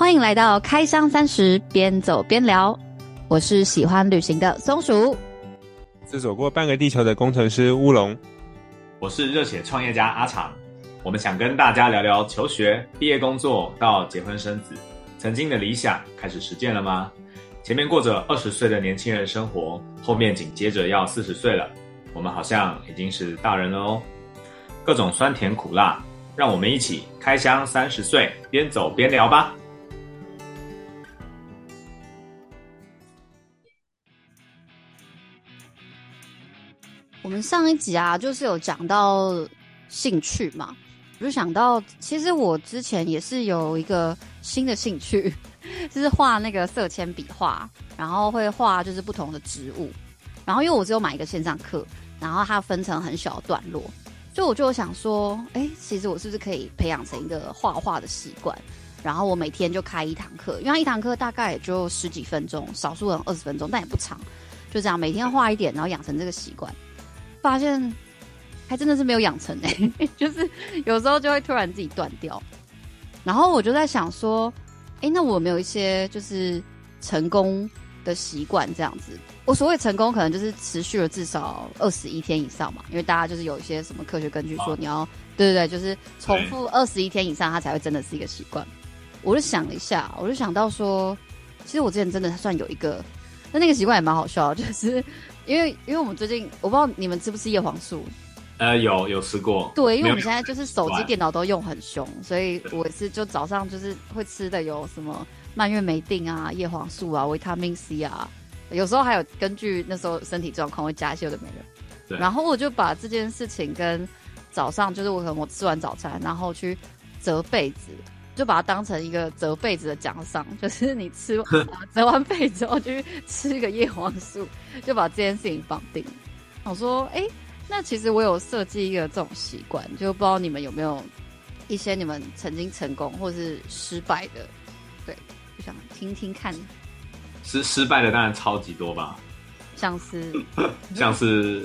歡迎來到開箱三十，邊走邊聊。我是喜歡旅行的松鼠，是走過半個地球的工程師烏龍，我是熱血創業家阿長。我們想跟大家聊聊求學、畢業、工作到結婚生子，曾經的理想開始實踐了嗎？前面過着二十歲的年輕人生活，後面緊接着要四十歲了。我們好像已經是大人了哦，各種酸甜苦辣，讓我們一起開箱三十歲，邊走邊聊吧。我們上一集啊，就是有講到興趣嘛，我就想到，其實我之前也是有一個新的興趣，就是畫那個色鉛筆畫，然後會畫就是不同的植物。然後因為我只有買一個線上課，然後它分成很小段落，就我就想說，哎，其實我是不是可以培養成一個畫畫的習慣？然後我每天就開一堂課，因為一堂課大概也就十幾分鐘，少數人二十分鐘，但也不長，就這樣每天畫一點，然後養成這個習慣。發現還真的是沒有養成呢，欸，就是有時候就會突然自己斷掉，然後我就在想說，哎，欸，那我有沒有一些就是成功的習慣這樣子。我所謂成功，可能就是持續了至少二十一天以上嘛，因為大家就是有一些什麼科學根據說，你要，啊，對對對，就是重複二十一天以上，它才會真的是一個習慣。我就想了一下，我就想到說，其實我之前真的算有一個，那那個習慣也蠻好笑，就是。因為因為我們最近，我不知道你們吃不吃葉黃素，呃，有有吃過。對，因為我們現在就是手機、電腦都用很凶，有所以我也是就早上就是會吃的有什麼蔓越莓錠啊、葉黃素啊、維他命 C 啊，有時候還有根據那時候身體狀況會加一些有的沒了。對。然後我就把這件事情跟早上就是我可能我吃完早餐，然後去折被子，就把它當成一個折被子的獎賞，就是你吃、啊、折完被子，就去吃一個葉黃素，就把這件事情綁定。我說，哎、欸，那其實我有設計一個這種習慣，就不知道你們有沒有一些你們曾經成功或是失敗的，對，想聽聽看。失失敗的當然超級多吧，像是 像是，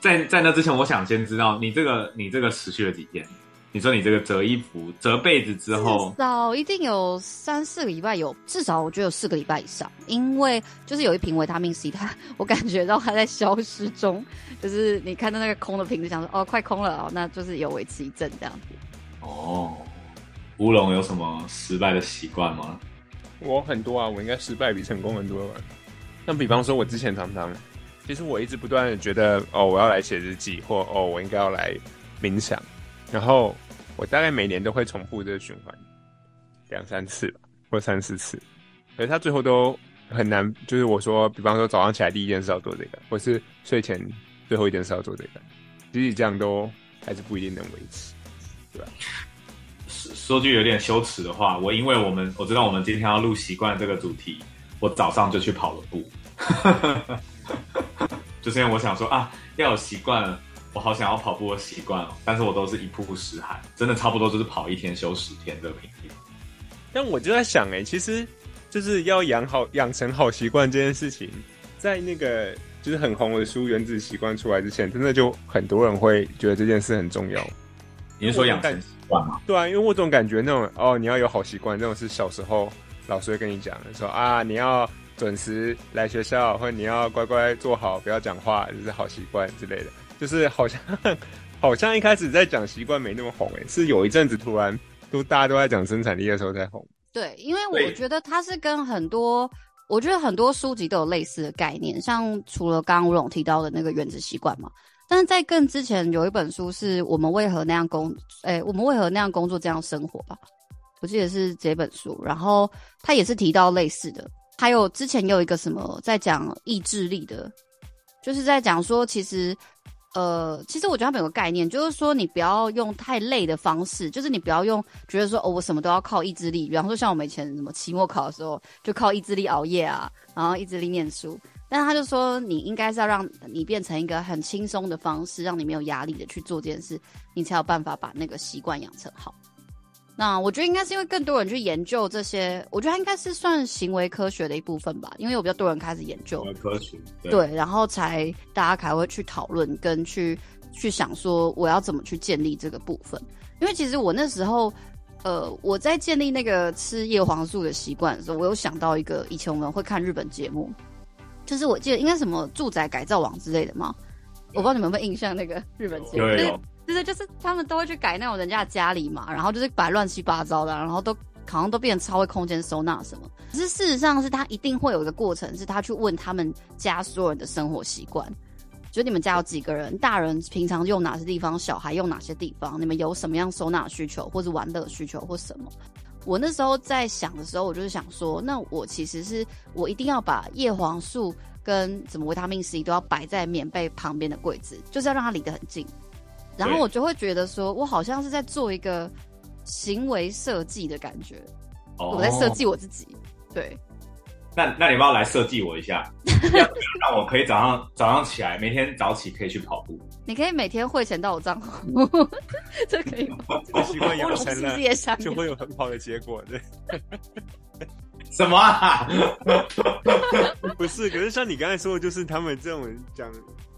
在在那之前，我想先知道你這個你這個持續了幾天。你說你這個折衣服、折被子之後，至少一定有三四個禮拜有，至少我覺得有四個禮拜以上，因為就是有一瓶維他命 C，它我感覺到它在消失中，就是你看到那個空的瓶子，想說哦快空了哦，那就是有維持一陣這樣子。哦，烏龍有什麼失敗的習慣嗎？我很多啊，我應該失敗比成功很多吧。那比方說，我之前常常，其實我一直不斷地覺得哦我要來寫日記，或哦我應該要來冥想。然後我大概每年都會重複這個循環兩三次吧，或三四次。可是他最後都很難，就是我說，比方說早上起來第一件事要做這個，或是睡前最後一件事要做這個，即使這樣都還是不一定能維持，對吧？說說句有點羞恥的話，我因為我們我知道我們今天要錄習慣這個主題，我早上就去跑了步， 就今天我想說啊，要有習慣了我好想要跑步的習慣哦，但是我都是一曝十寒，真的差不多就是跑一天休十天的頻率。但我就在想、欸，哎，其實就是要養好、養成好習慣這件事情，在那個就是很紅的書《原子習慣》出來之前，真的就很多人會覺得這件事很重要。你是說養成習慣嗎？嗎？對啊，因為我總感覺那種哦，你要有好習慣，那種是小時候老師會跟你講，說啊，你要準時來學校，或者你要乖乖坐好，不要講話，就是好習慣之類的。就是好像好像一開始在講習慣沒那麼紅哎、欸，是有一陣子突然都大家都在講生產力的時候在紅。對，因為我覺得它是跟很多，對我覺得很多書籍都有類似的概念，像除了剛剛吳龍提到的那個《原子習慣》嘛，但是在更之前有一本書是我們為何那樣工哎、欸，我們為何那樣工作，這樣生活吧？我記得是這本書，然後它也是提到類似的。還有之前有一個什麼在講意志力的，就是在講說其實。呃，其實我覺得他們有個概念，就是說你不要用太累的方式，就是你不要用覺得說哦，我什麼都要靠意志力。比方說像我們以前什麼期末考的時候，就靠意志力熬夜啊，然後意志力念書。但他就說，你應該是要讓你變成一個很輕鬆的方式，讓你沒有壓力的去做這件事，你才有辦法把那個習慣養成好。那我覺得應該是因為更多人去研究這些，我覺得應該是算行為科學的一部分吧，因為有比較多人開始研究。科學。對，對，然後才大家才會去討論跟去去想說我要怎麼去建立這個部分。因為其實我那時候，呃，我在建立那個吃葉黃素的習慣的時候，我有想到一個以前我們會看日本節目，就是我記得應該什麼住宅改造網之類的嘛，對我不知道你們有沒有印象那個日本節目。對就是就是，他們都會去改那種人家的家裡嘛，然後就是擺亂七八糟的，然後都好像都變成超會空間收納什麼。可是事實上是，他一定會有一個過程，是他去問他們家所有人的生活習慣，就你們家有幾個人，大人平常用哪些地方，小孩用哪些地方，你們有什麼樣收納需求或是玩樂需求或什麼。我那時候在想的時候，我就是想說，那我其實是我一定要把葉黃素跟什麼維他命 C 都要擺在棉被旁邊的櫃子，就是要讓它離得很近。然後我就會覺得說，我好像是在做一個行為設計的感覺，oh. 我在設計我自己。對。那那你幫我來設計我一下， 讓我可以早上早上起來，每天早起可以去跑步。你可以每天匯錢到我賬戶， 這可以。 這個習慣養成了， 就會有很好的結果的。對 什麼、啊？ 不是，可是像你剛才說的，就是他們這種人講。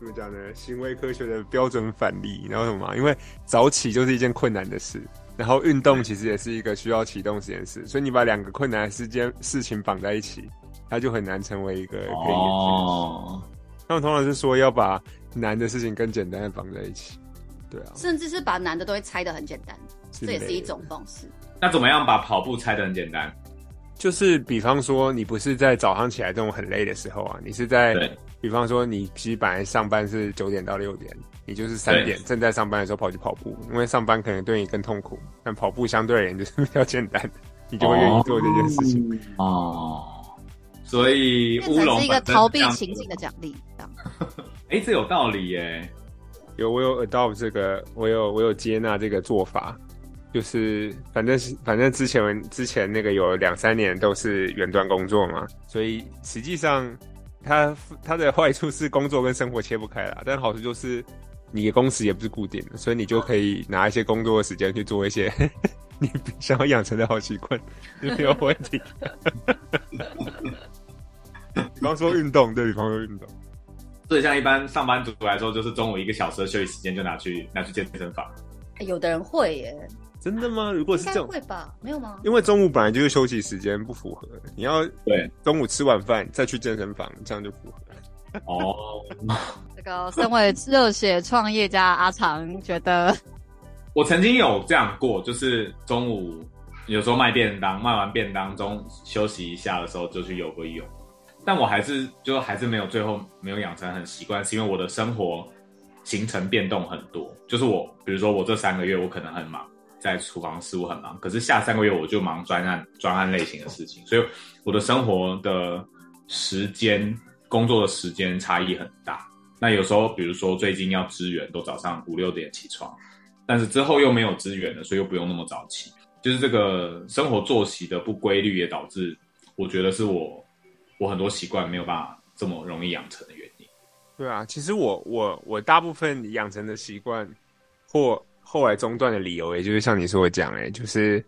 怎麼講呢？講行為科學的標準反例，你知道什麼嗎、啊？因為早起就是一件困難的事，然後運動其實也是一個需要啟動時間的事、事，所以你把兩個困難的事件事情綁在一起，它就很難成為一個可以哦，那我通常是說要把難的事情跟簡單的綁在一起，對啊，甚至是把難的東西拆得很簡單，這也是一種方式。那怎麼樣把跑步拆得很簡單？就是比方說，你不是在早上起來這種很累的時候啊，你是在。比方說，你其實本來上班是九點到六點，你就是三點對正在上班的時候跑去跑步，因為上班可能對你更痛苦，但跑步相對而言就是比較簡單，你就會願意做這件事情哦，哦。所以變成是一個逃避情境的獎勵，這樣。哎、欸，這有道理耶、欸。有，我有 adopt 這個，我有我有接納這個做法，就是反正是反正之前之前那個有兩三年都是遠端工作嘛，所以實際上。它它的壞處是工作跟生活切不開了，但好處就是你的工時也不是固定的，所以你就可以拿一些工作的時間去做一些呵呵你想要養成的好習慣，沒有問題。比方 說運動，對，比方說運動，所以像一般上班族來說，就是中午一個小時的休息時間就拿去拿去健身房。有的人會耶。真的嗎？如果是這種會吧，沒有嗎？因為中午本來就是休息時間，不符合。你要對中午吃完飯再去健身房，這樣就符合了哦，oh. 這個身為熱血創業家阿長覺得，我曾經有這樣過，就是中午有時候賣便當，賣完便當中休息一下的時候就去游個泳，但我還是就還是沒有最後沒有養成很習慣，是因為我的生活行程變動很多，就是我比如說我這三個月我可能很忙。在廚房似乎很忙，可是下三個月我就忙專案、專案類型的事情，所以我的生活的時間、工作的時間差異很大。那有時候，比如說最近要支援，都早上五六點起床，但是之後又沒有支援了，所以又不用那麼早起。就是這個生活作息的不規律，也導致我覺得是我我很多習慣沒有辦法這麼容易養成的原因。對啊，其實我我我大部分養成的習慣，或。後來中斷的理由也就是像你說的講誒、欸，就是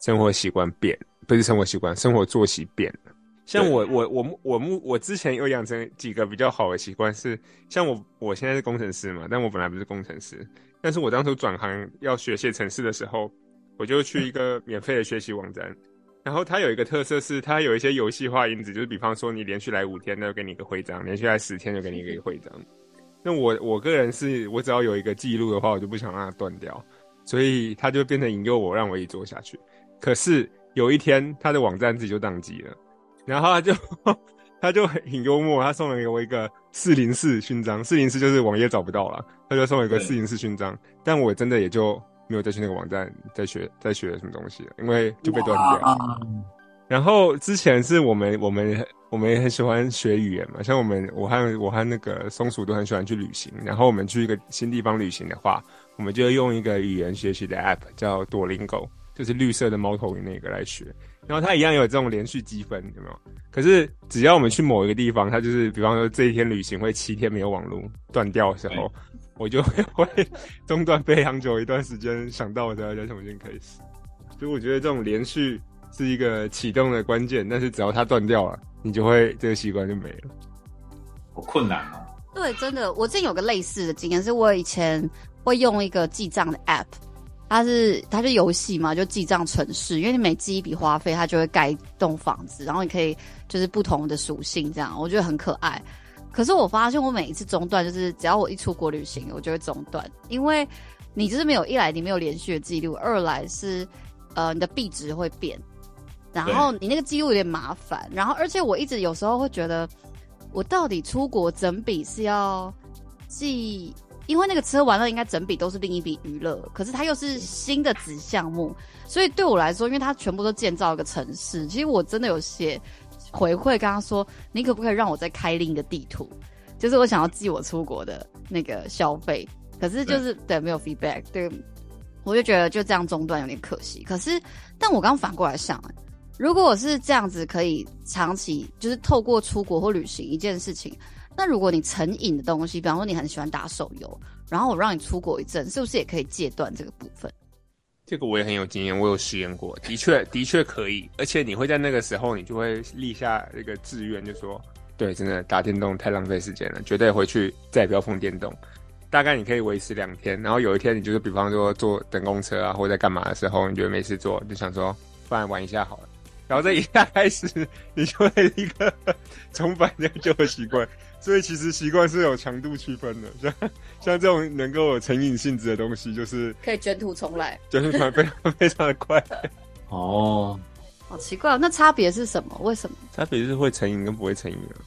生活習慣變，不是生活習慣，生活作息變了。像我我我我我我之前有養成幾個比較好的習慣，是像我我現在是工程師嘛，但我本來不是工程師，但是我當初轉行要學寫程式的時候，我就去一個免費的學習網站，然後它有一個特色是它有一些遊戲化因子，就是比方說你連續來五天，它就給你一個徽章；連續來十天，就給你一個徽章。那我我個人是，我只要有一個記錄的話，我就不想讓它斷掉，所以他就變成引誘我，讓我一直做下去。可是有一天，他的網站自己就宕機了，然後就呵呵他就他就很很幽默，他送了給我一個四零四勳章，四零四就是網頁找不到了，他就送我一個四零四勳章。對但我真的也就沒有再去那個網站再學再學什麼東西了，因為就被斷掉。然後之前是我們我們我們也很喜歡學語言嘛，像我們我和我和那個松鼠都很喜歡去旅行。然後我們去一個新地方旅行的話，我們就用一個語言學習的 app 叫 Duolingo，就是綠色的貓頭鷹那個來學。然後它一樣有這種連續積分，有沒有？可是只要我們去某一個地方，它就是比方說這一天旅行會七天沒有網絡斷掉的時候，嗯、我就會會中斷非常久一段時間，想到我才再重新開始。所以我覺得這種連續。是一個啟動的關鍵，但是只要它斷掉了，你就會這個習慣就沒了。好困難啊！對，真的，我之前有個類似的經驗，是我以前會用一個記賬的 App，它是它是遊戲嘛，就記賬城市，因為你每記一筆花費，它就會蓋一棟房子，然後你可以就是不同的屬性這樣，我覺得很可愛。可是我發現我每一次中斷，就是只要我一出國旅行，我就會中斷，因為你就是沒有一來你沒有連續的記錄，二來是呃你的幣值會變。然後你那個記錄有點麻煩，對然後而且我一直有時候會覺得，我到底出國整筆是要記，因為那個車完了應該整筆都是另一筆娛樂，可是它又是新的子項目，所以對我來說，因為它全部都建造一個城市，其實我真的有寫回饋跟他說，你可不可以讓我再開另一個地圖，就是我想要記我出國的那個消費，可是就是、嗯、對，沒有 feedback，對我就覺得就這樣中斷有點可惜。可是但我剛剛反過來想。如果我是這樣子，可以長期就是透過出國或旅行一件事情，那如果你成癮的東西，比方說你很喜歡打手遊，然後我讓你出國一陣，是不是也可以戒斷這個部分？這個我也很有經驗，我有實驗過，的確的確可以，而且你會在那個時候，你就會立下一個志願，就說對，真的打電動太浪費時間了，絕對回去再也不要碰電動。大概你可以維持兩天，然後有一天你就是比方說坐等公車啊，或者在幹嘛的時候，你覺得沒事做，就想說不然玩一下好了。然後這一下開始，你就會一個重返這樣就會習慣。所以其實習慣是有強度區分的，像像這種能夠有成癮性質的東西，就是可以卷土重來，卷土重來非常 非常的快。哦，oh. 好奇怪、哦，那差別是什麼？為什麼？差別就是會成癮跟不會成癮啊。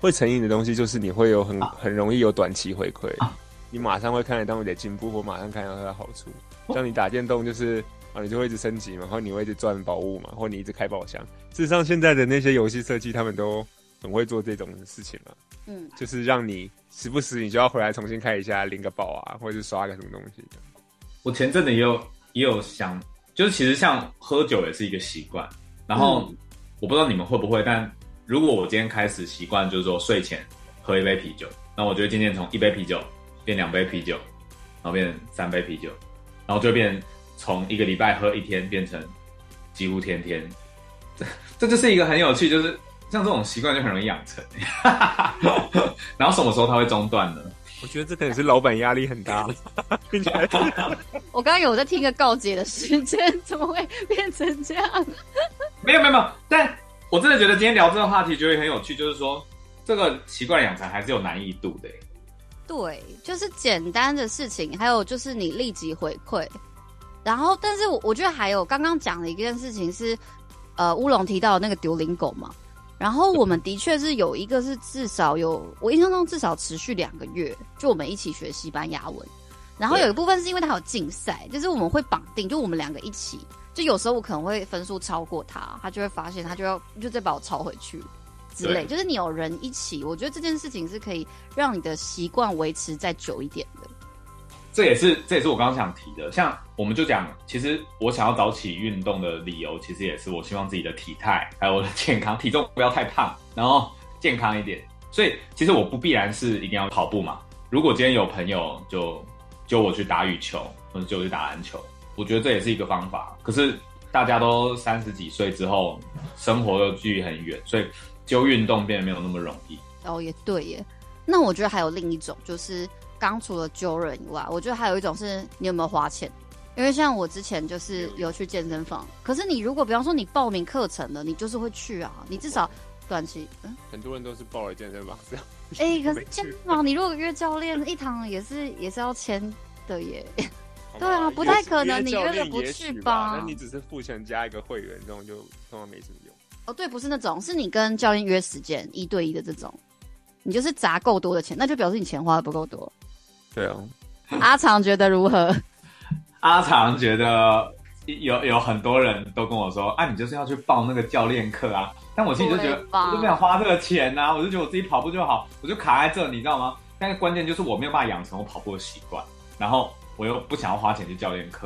會成癮的東西就是你會有很、ah. 很容易有短期回饋，ah. 你馬上會看得到當你的進步，或馬上看得到它的好處。像你打電動就是。啊，你就會一直升級嘛，然後你會一直賺寶物嘛，或者你一直開寶箱。事實上，現在的那些遊戲設計，他們都很會做這種事情嘛。嗯，就是讓你時不時你就要回來重新開一下，領個寶啊，或者是刷個什麼東西。我前陣子也有也有想，就是其實像喝酒也是一個習慣。然後我不知道你們會不會，嗯、但如果我今天開始習慣，就是說睡前喝一杯啤酒，那我就會漸漸從一杯啤酒變兩杯啤酒，然後變三杯啤酒，然後就變。從一個禮拜喝一天變成幾乎天天這，這就是一個很有趣，就是像這種習慣就很容易養成。 然後什麼時候它會中斷呢？我覺得這可能是老闆壓力很大。我剛剛有在聽個告解的時間，怎麼會變成這樣？沒有沒有沒有，但我真的覺得今天聊這個話題覺得很有趣，就是說這個習慣養成還是有難易度的。對，就是簡單的事情，還有就是你立即回饋。然後，但是我我覺得還有剛剛講的一件事情是，呃，烏龍提到的那個 Duolingo 嘛，然後我們的確是有一個是至少有，我印象中至少持續兩個月，就我們一起學西班牙文，然後有一部分是因為他有競賽，就是我們會綁定，就我們兩個一起，就有時候我可能會分數超過他，他就會發現他就要就再把我超回去之類，對就是你有人一起，我覺得這件事情是可以讓你的習慣維持再久一點的。這也是這也是我剛剛想提的，像我們就講，其實我想要早起運動的理由，其實也是我希望自己的體態還有我的健康，體重不要太胖，然後健康一點。所以其實我不必然是一定要跑步嘛。如果今天有朋友就揪我去打羽球，或者揪我去打籃球，我覺得這也是一個方法。可是大家都三十幾歲之後，生活又距離很遠，所以就運動變得沒有那麼容易。哦，也對耶。那我覺得還有另一種就是。剛除了揪人以外，我覺得還有一種是你有沒有花錢，因為像我之前就是有去健身房，嗯、可是你如果比方說你報名課程了，你就是會去啊，你至少短期嗯，很多人都是報了健身房這樣，欸，哎，可是健身房你如果約教練 一堂也是也是要錢的耶，吧 對啊，也不太可能你約了不去吧？那你只是付錢加一個會員，這種就根本沒什麼用。哦，對，不是那種，是你跟教練約時間一對一的這種，你就是砸夠多的錢，那就表示你錢花得不夠多。對啊，阿長覺得如何？ 阿長覺得有有很多人都跟我說：“啊，你就是要去報那個教練課啊！”但我自己就覺得，我就不想花這個錢吶、啊。我就覺得我自己跑步就好，我就卡在這兒，你知道嗎？但是關鍵就是我沒有辦法養成我跑步的習慣，然後我又不想要花錢去教練課，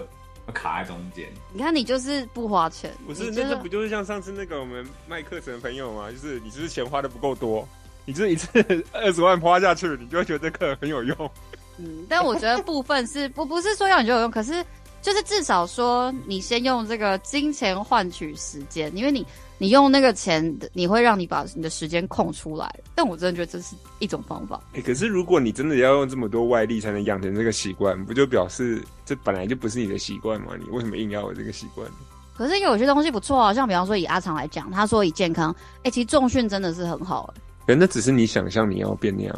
就卡在中間。你看，你就是不花錢，不是，那這不就是像上次那個我們賣課程的朋友嗎？就是你就是錢花的不夠多，你就是一次二十萬花下去，你就會覺得這課很有用。嗯，但我覺得部分是不 不是說要你就有用，可是就是至少說你先用這個金錢換取時間，因為你你用那個錢，你會讓你把你的時間空出來。但我真的覺得這是一種方法。哎、欸，可是如果你真的要用這麼多外力才能養成這個習慣，不就表示這本來就不是你的習慣嗎？你為什麼硬要有這個習慣？可是因為有些東西不錯啊，像比方說以阿長來講，他說以健康，哎、欸，其實重訓真的是很好、欸。哎、欸，那只是你想象你要變那樣，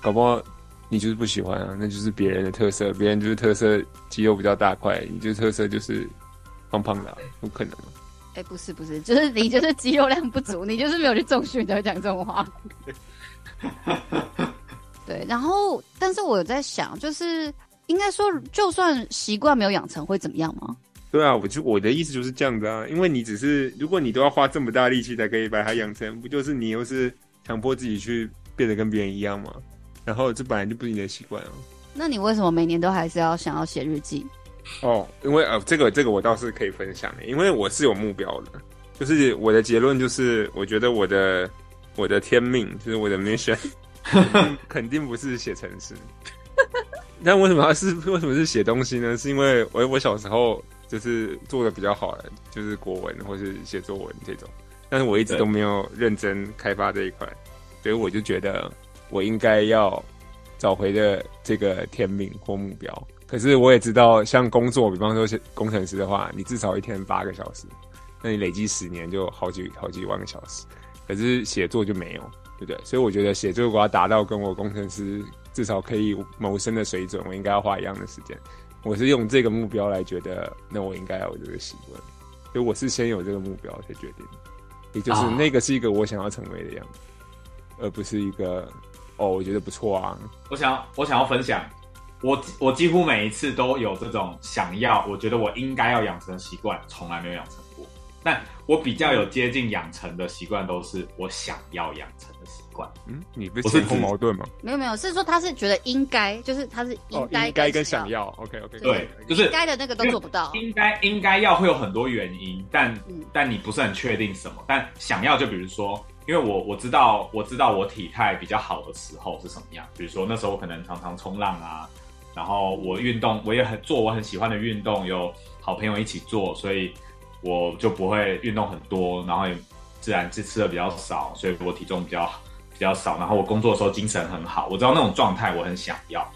好不好？你就是不喜歡啊，那就是別人的特色，別人就是特色肌肉比較大塊，你就是特色就是胖胖的啊，有可能嗎？哎，不是不是，就是你就是肌肉量不足， 你就是沒有去重訓，才會講這種話。 對，然後但是我在想，就是應該說，就算習慣沒有養成會怎麼樣嗎？對啊，我就我的意思就是這樣子啊，因為你只是如果你都要花這麼大力氣才可以把它養成，不就是你又是強迫自己去變得跟別人一樣嗎？然後這本來就不是你的習慣哦。那你為什麼每年都還是要想要寫日記？哦，因為呃，這個這個我倒是可以分享的，因為我是有目標的，就是我的結論就是，我覺得我的我的天命就是我的 mission， 肯定不是寫程式。那 為什麼要是為什麼是寫東西呢？是因為我我小時候就是做的比較好的，就是國文或是寫作文這種，但是我一直都沒有認真開發這一塊，對所以我就覺得。我應該要找回的這個天命或目標，可是我也知道，像工作，比方說工程師的話，你至少一天八個小時，那你累積十年就好幾好幾萬個小時。可是寫作就沒有，對不對？所以我覺得寫作如果要達到跟我工程師至少可以謀生的水準，我應該要花一樣的時間。我是用這個目標來覺得，那我應該要有這個習慣。所以我是先有這個目標才決定，也就是那個是一個我想要成為的樣子，oh. 而不是一個。哦，我覺得不錯啊。我想要，我想要分享，我我幾乎每一次都有這種想要，我覺得我應該要養成的習慣，從來沒有養成過。但我比較有接近養成的習慣，都是我想要養成的習慣。嗯，你不是自相矛盾嗎？是是。沒有沒有，是說他是覺得應該，就是他是應該該跟、哦、跟想要。OK OK，對，就是該的那個都做不到。應該應該要會有很多原因，但、嗯、但你不是很確定什麼？但想要就比如說。因為我我知道我知道我體態比較好的時候是什麼樣，比如說那時候我可能常常衝浪啊，然後我運動我也很做我很喜歡的運動，有好朋友一起做，所以我就不會運動很多，然後也自然是吃的比較少，所以我體重比較比較少，然後我工作的時候精神很好，我知道那種狀態我很想要，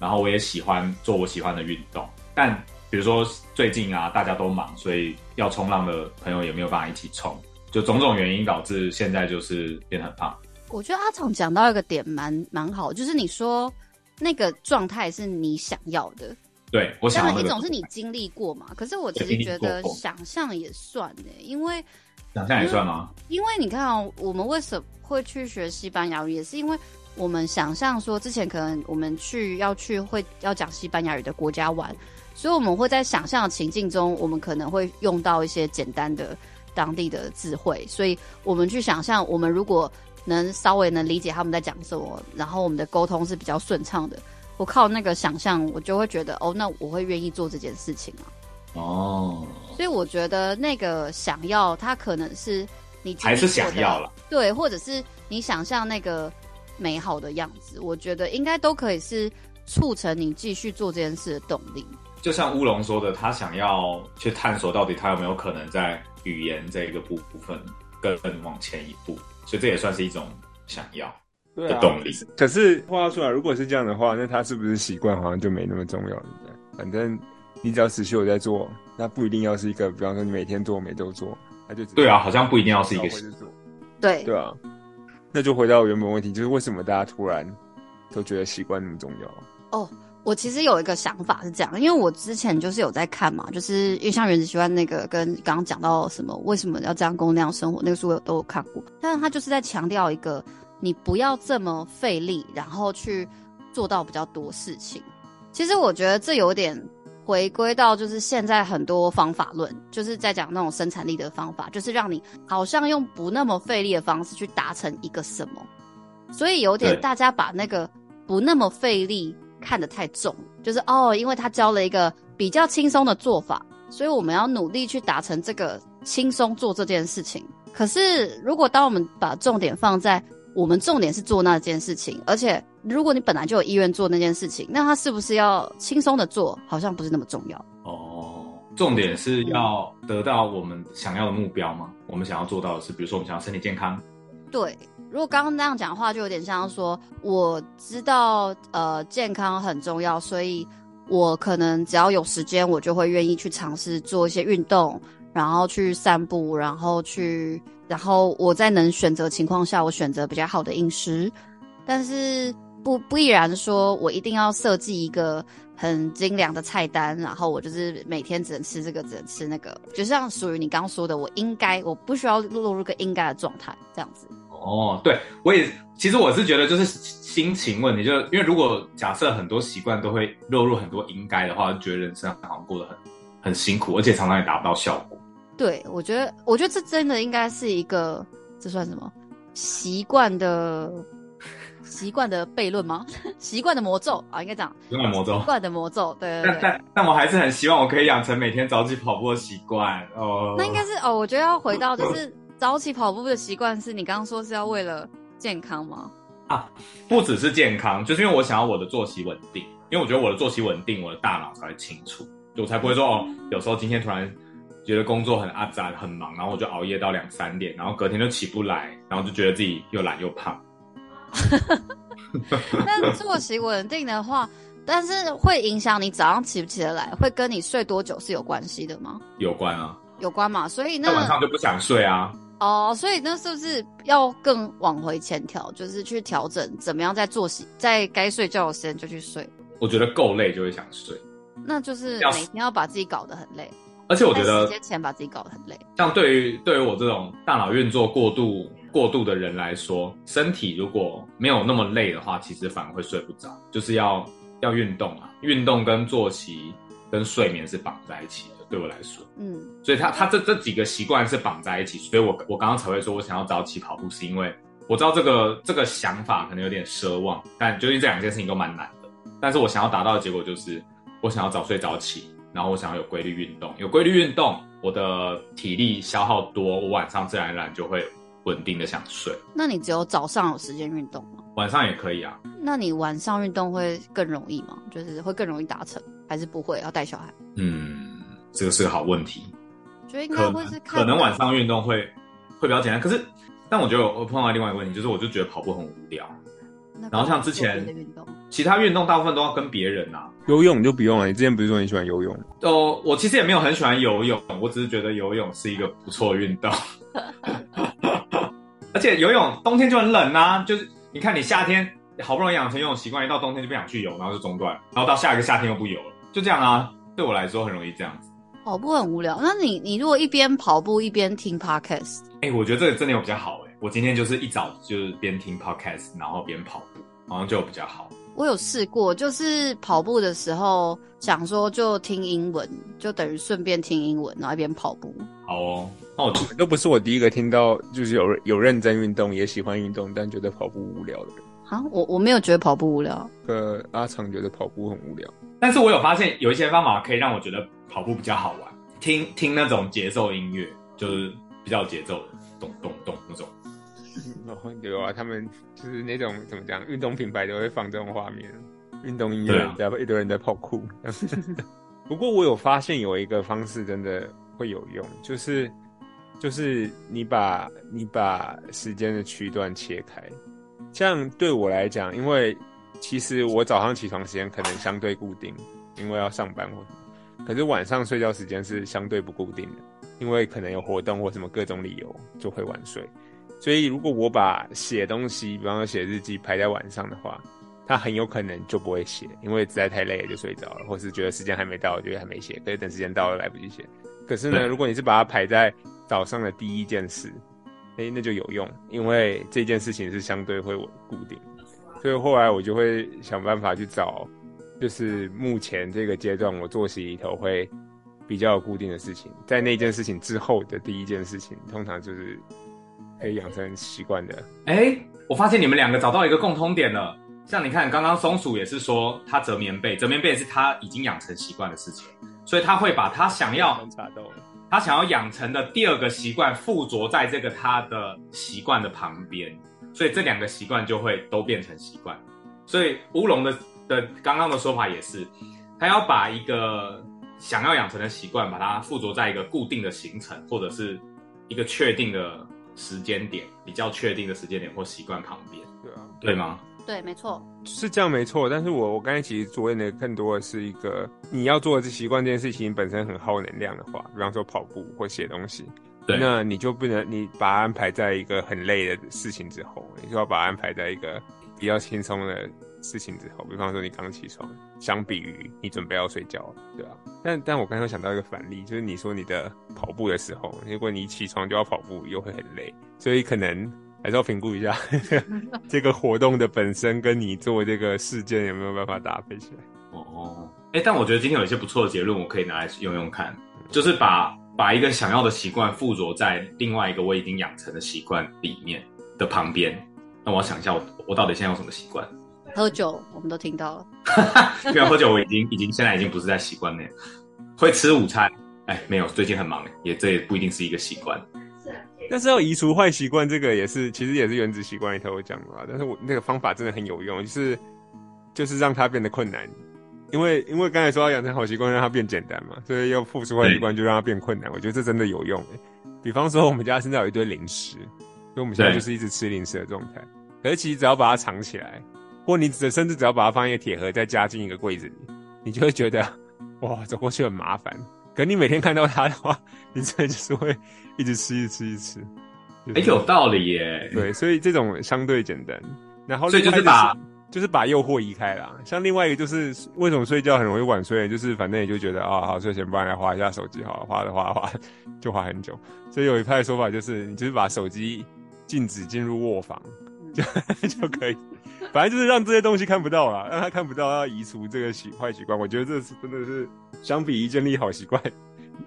然後我也喜歡做我喜歡的運動，但比如說最近啊大家都忙，所以要衝浪的朋友也沒有辦法一起衝。就種種原因導致現在就是變很胖。我覺得阿常講到一個點蠻蠻好，就是你說那個狀態是你想要的，對我想要一種是你經歷過嘛。可是我自己覺得想象也算呢、欸，因為想象也算嗎、嗯？因為你看哦，我們為什麼會去學西班牙語，也是因為我們想象說之前可能我們去要去會要講西班牙語的國家玩，所以我們會在想象的情境中，我們可能會用到一些簡單的。當地的智慧，所以我們去想象我們如果能稍微能理解他們在講什麼，然後我們的溝通是比較順暢的。我靠那個想象我就會覺得哦，那我會願意做這件事情啊。哦，所以我覺得那個想要，他可能是你還是想要了，對，或者是你想象那個美好的樣子，我覺得應該都可以是促成你繼續做這件事的動力。就像烏龍說的，他想要去探索到底他有沒有可能在語言這個部部分更,更往前一步，所以這也算是一種想要的動力。啊、可是話說回來如果是這樣的話，那他是不是習慣好像就沒那麼重要了？反正你只要持續有在做，那不一定要是一個，比方說你每天做、每周做，他就對啊，好像不一定要是一個。對對啊，那就回到原本問題，就是為什麼大家突然都覺得習慣那麼重要？哦。Oh. 我其實有一個想法是這樣，因為我之前就是有在看嘛，就是因為像原子習慣那個跟剛剛講到什麼為什麼要這樣工作那樣生活那個書我都有，都有看過，但是他就是在強調一個你不要這麼費力，然後去做到比較多事情。其實我覺得這有點回歸到就是現在很多方法論，就是在講那種生產力的方法，就是讓你好像用不那麼費力的方式去達成一個什麼，所以有點大家把那個不那麼費力。看得太重，就是哦，因為他教了一個比較輕鬆的做法，所以我們要努力去達成這個輕鬆做這件事情。可是，如果當我們把重點放在我們重點是做那件事情，而且如果你本來就有意願做那件事情，那他是不是要輕鬆的做好像不是那麼重要哦？重點是要得到我們想要的目標嗎？我們想要做到的是，比如說我們想要身體健康，對。如果剛剛那樣講的話，就有點像說我知道，呃，健康很重要，所以我可能只要有時間，我就會願意去嘗試做一些運動，然後去散步，然後去，然後我在能選擇情況下，我選擇比較好的飲食，但是不不必然說我一定要設計一個很精良的菜單，然後我就是每天只能吃這個，只能吃那個，就像屬於你剛剛說的，我應該我不需要落入個應該的狀態這樣子。哦，對，我也其實我是覺得就是心情問題就，就是因為如果假設很多習慣都會落入很多應該的話，就覺得人生好像過得很很辛苦，而且常常也達不到效果。對，我覺得，我覺得這真的應該是一個，這算什麼習慣的習慣的悖論嗎？ 習慣的魔咒啊、哦，應該這樣，習慣的魔咒，習慣的魔咒。對，但但但我還是很希望我可以養成每天早起跑步的習慣哦。那應該是哦，我覺得要回到就是。 早起跑步的習慣是你剛剛說是要為了健康嗎？啊，不只是健康，就是因為我想要我的作息穩定，因為我覺得我的作息穩定，我的大腦才會清楚，就我才不會說哦，有時候今天突然覺得工作很阿雜、很忙，然後我就熬夜到兩三點，然後隔天就起不來，然後就覺得自己又懶又胖。那作息穩定的話，但是會影響你早上起不起得來，會跟你睡多久是有關係的嗎？有關啊，有關嘛，所以那，那晚上就不想睡啊。哦，oh, 所以那是不是要更往回前調，就是去調整怎麼樣在作息，在該睡覺的時間就去睡？我覺得夠累就會想睡，那就是每天要把自己搞得很累，而且我覺得時間前把自己搞得很累。像對於對於我這種大腦運作過度過度的人來說，身體如果沒有那麼累的話，其實反而會睡不着。就是要要運動啊，運動跟作息跟睡眠是綁在一起的。對我來說，嗯，所以他他這這幾個習慣是綁在一起，所以我我剛剛才會說，我想要早起跑步，是因為我知道這個這個想法可能有點奢望，但究竟這兩件事情都蠻難的。但是我想要達到的結果就是，我想要早睡早起，然後我想要有規律運動。有規律運動，我的體力消耗多，我晚上自然而然就會穩定的想睡。那你只有早上有時間運動嗎？晚上也可以啊。那你晚上運動會更容易嗎？就是會更容易達成，還是不會？要帶小孩？嗯。這個是個好問題，可能可能晚上運動會會比較簡單。可是，但我覺得我碰到另外一個問題，就是我就覺得跑步很無聊。然後像之前其他運動大部分都要跟別人啊。游泳就不用了。你之前不是說你喜歡游泳嗎？哦，我其實也沒有很喜歡游泳，我只是覺得游泳是一個不錯的運動。 而且游泳冬天就很冷啊，就是你看你夏天好不容易養成游泳習慣，一到冬天就不想去游，然後就中斷，然後到下一個夏天又不游了，就這樣啊。對我來說，很容易這樣子。跑步很無聊，那你你如果一邊跑步一邊聽 podcast，哎、欸，我覺得這個真的有比較好哎、欸。我今天就是一早就是邊聽 podcast，然後邊跑步，好像就比較好。我有試過，就是跑步的時候想說就聽英文，就等於順便聽英文，然後一邊跑步。好哦，那我覺得都不是我第一個聽到，就是有有認真運動也喜歡運動，但覺得跑步無聊的人。好、啊，我我沒有覺得跑步無聊。呃，阿長覺得跑步很無聊。但是我有發現有一些方法可以讓我覺得跑步比較好玩。聽聽那種節奏音樂，就是比較有節奏的咚咚咚那種。有、嗯、啊，他們就是那種怎麼講，運動品牌都會放這種畫面，運動音樂，然後一堆人在跑酷。 不過我有發現有一個方式真的會有用，就是就是你把你把時間的區段切開，這樣對我來講，因為。其實我早上起床時間可能相對固定，因為要上班，可是晚上睡覺時間是相對不固定的，因為可能有活動或什麼各種理由就會晚睡。所以如果我把寫東西，比方說寫日記排在晚上的話，它很有可能就不會寫，因為實在太累了就睡着了，或是覺得時間還沒到，就還沒寫，可是等時間到了來不及寫。可是呢，如果你是把它排在早上的第一件事，哎，那就有用，因為這件事情是相對會固定。所以後來我就會想辦法去找，就是目前這個階段我作息裡頭會比較固定的事情，在那件事情之後的第一件事情，通常就是可以養成習慣的。哎、欸，我發現你們兩個找到一個共通點了。像你看，剛剛松鼠也是說他折棉被，折棉被是他已經養成習慣的事情，所以他會把他想要他想要養成的第二個習慣附着在這個他的習慣的旁邊。所以這兩個習慣就會都變成習慣，所以烏龍的的剛剛的說法也是，他要把一個想要養成的習慣，把它附着在一個固定的行程或者是一個確定的時間點，比較確定的時間點或習慣旁邊，對啊，對嗎？對，沒錯，是這樣，沒錯。但是我我剛才其實昨天的更多的是一個你要做的是習慣這件事情本身很耗能量的話，比方說跑步或寫東西。那你就不能，你把它安排在一個很累的事情之後，你就要把它安排在一個比較輕鬆的事情之後，比方說你剛起床，相比於你準備要睡覺，對吧、啊？但但我剛才想到一個反例，就是你說你的跑步的時候，如果你一起床就要跑步，又會很累，所以可能還是要評估一下 這個活動的本身跟你做這個事件有沒有辦法搭配起來。哦，哎、欸，但我覺得今天有一些不錯的結論，我可以拿來用用看，就是把。把一個想要的習慣附着在另外一個我已經養成的習慣裡面的旁邊，那我要想一下我，我我到底現在有什麼習慣？喝酒，我們都聽到了。沒 有 喝酒，我已經已經現在已經不是在習慣內。會吃午餐，哎，沒有，最近很忙，也這也不一定是一個習慣。是啊，但是要移除壞習慣，這個也是其實也是原子習慣裡頭有講的啊。但是我那個方法真的很有用，就是就是讓它變得困難。因為因為剛才說要養成好習慣，讓它變簡單嘛，所以要付出壞習慣就讓它變困難。嘿我覺得這真的有用誒。比方說我們家現在有一堆零食，所以我們現在就是一直吃零食的狀態。而對其實只要把它藏起來，或你只甚至只要把它放一個鐵盒，再加進一個櫃子裡，你就會覺得哇，走過去很麻煩。可你每天看到它的話，你真的就是會一直吃，一直吃、吃，一直吃。哎、欸，有道理耶。對，所以這種相對簡單。然後，所就是把。就是把誘惑移開啦。像另外一個就是為什麼睡覺很容易晚睡呢，就是反正你就覺得啊、哦，好睡前，不然來划一下手機，好划的划的划、的划的就划很久。所以有一派的說法就是，你就是把手機禁止進入臥房，就、嗯、 就可以，反正就是讓這些東西看不到啦，讓他看不到，它要移除這個習壞習慣。我覺得這是真的是相比一建立好習慣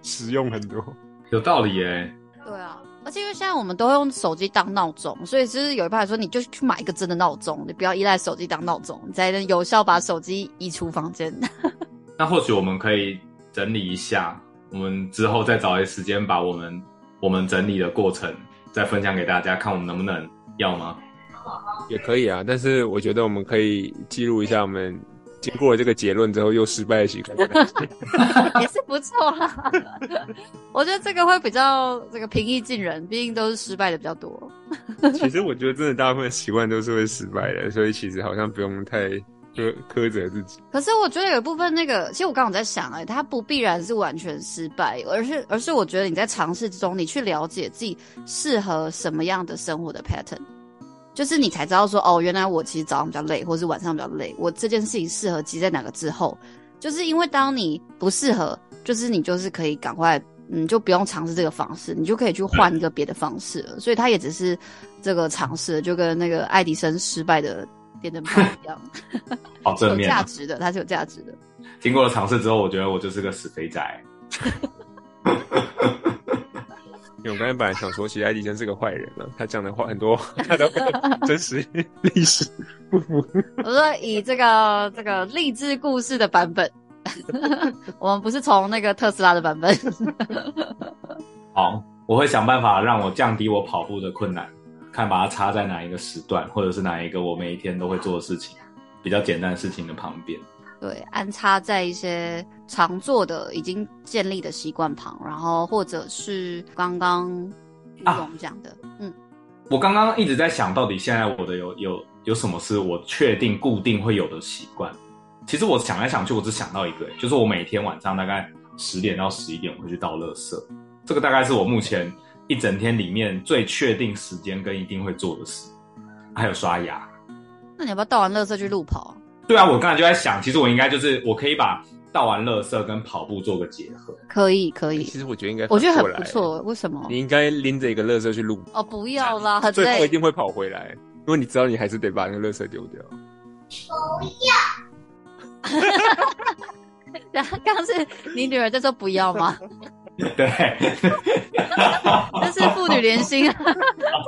實用很多，有道理哎。對啊，而且因為現在我們都會用手機當鬧鐘，所以其實有一派來說，你就去買一個真的鬧鐘，你不要依賴手機當鬧鐘，你才能有效把手機移出房間。呵呵，那或許我們可以整理一下，我們之後再找一時間把我們我們整理的過程再分享給大家，看我們能不能要嗎？也可以啊，但是我覺得我們可以記錄一下我們。經過這個結論之後，又失敗了的習慣 也是不錯啊。 我覺得這個會比較這個平易近人，畢竟都是失敗的比較多。其實我覺得真的大部分習慣都是會失敗的，所以其實好像不用太苛苛責自己。可是我覺得有一部分那個，其實我剛剛在想、欸，哎，它不必然是完全失敗，而是而是我覺得你在嘗試之中，你去了解自己適合什麼樣的生活的 pattern。就是你才知道說哦，原來我其實早上比較累，或是晚上比較累。我這件事情適合積在哪個之後？就是因為當你不適合，就是你就是可以趕快，嗯，就不用嘗試這個方式，你就可以去換一個別的方式了。嗯、所以他也只是這個嘗試，就跟那個愛迪生失敗的電燈泡一樣，好、 哦、正面， 有價值的，它是有價值的。經過了嘗試之後，我覺得我就是個死肥宅。 因為我剛才本來想說，其實愛迪生是個壞人了，他講的話很多，他的真實歷史不符。我說以這個這個勵志故事的版本， 我們不是從那個特斯拉的版本 。好，我會想辦法讓我降低我跑步的困難，看把它插在哪一個時段，或者是哪一個我每一天都會做的事情，比較簡單的事情的旁邊。對，安插在一些常做的、已經建立的習慣旁，然後或者是剛剛我們、啊、講的，嗯，我剛剛一直在想到底現在我的有有有什麼是我確定固定會有的習慣，其實我想來想去，我只想到一個、欸，就是我每天晚上大概十點到十一點我會去倒垃圾，這個大概是我目前一整天裡面最確定時間跟一定會做的事，還有刷牙。那你要不要倒完垃圾去路跑、啊？對啊，我剛才就在想，其實我應該就是，我可以把倒完垃圾跟跑步做個結合。可以，可以。其實我覺得應該，我覺得很不錯。為什麼？你應該拎着一個垃圾去錄。哦，不要啦！對，最後一定會跑回來。因為你知道，你還是得把那個垃圾丟掉。不要。然後哈哈剛是，你女兒在說不要嗎？ 對。這 是父女連心啊， 啊！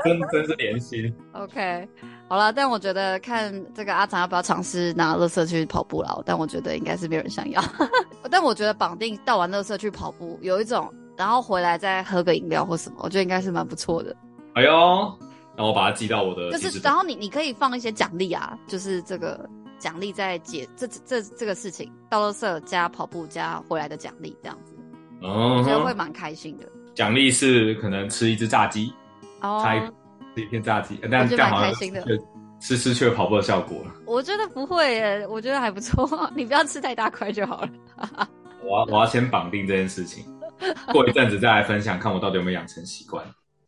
真真是連心。OK。好了，但我覺得看這個阿長要不要嘗試拿垃圾去跑步了，但我覺得應該是沒人想要。 但我覺得綁定倒完垃圾去跑步有一種，然後回來再喝個飲料或什麼，我覺得應該是蠻不錯的。哎呦，那我把它寄到我的。就是，然後你你可以放一些獎勵啊，就是這個獎勵在解這這這個事情，倒垃圾加跑步加回來的獎勵這樣子，哦，我覺得會蠻開心的。獎勵是可能吃一隻炸雞哦。一片炸雞，但剛好就是失去了跑步的效果。我覺得不會耶，我覺得還不錯，你不要吃太大塊就好了。 我要我要先綁定這件事情，過一陣子再來分享，看我到底有沒有養成習慣。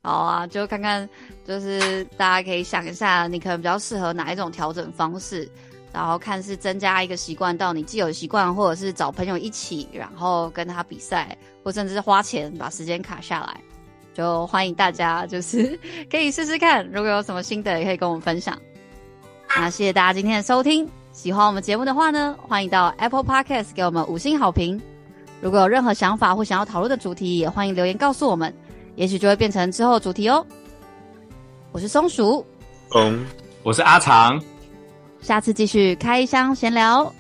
好啊，就看看，就是大家可以想一下，你可能比較適合哪一種調整方式，然後看是增加一個習慣到你既有習慣，或者是找朋友一起，然後跟他比賽，或甚至是花錢把時間卡下來。就歡迎大家，就是可以試試看。如果有什麼心得，也可以跟我們分享。那謝謝大家今天的收聽。喜歡我們節目的話呢，歡迎到 Apple Podcast 給我們五星好評。如果有任何想法或想要討論的主題，也歡迎留言告訴我們，也許就會變成之後主題哦。我是松鼠，嗯，我是阿長，下次繼續開箱閒聊。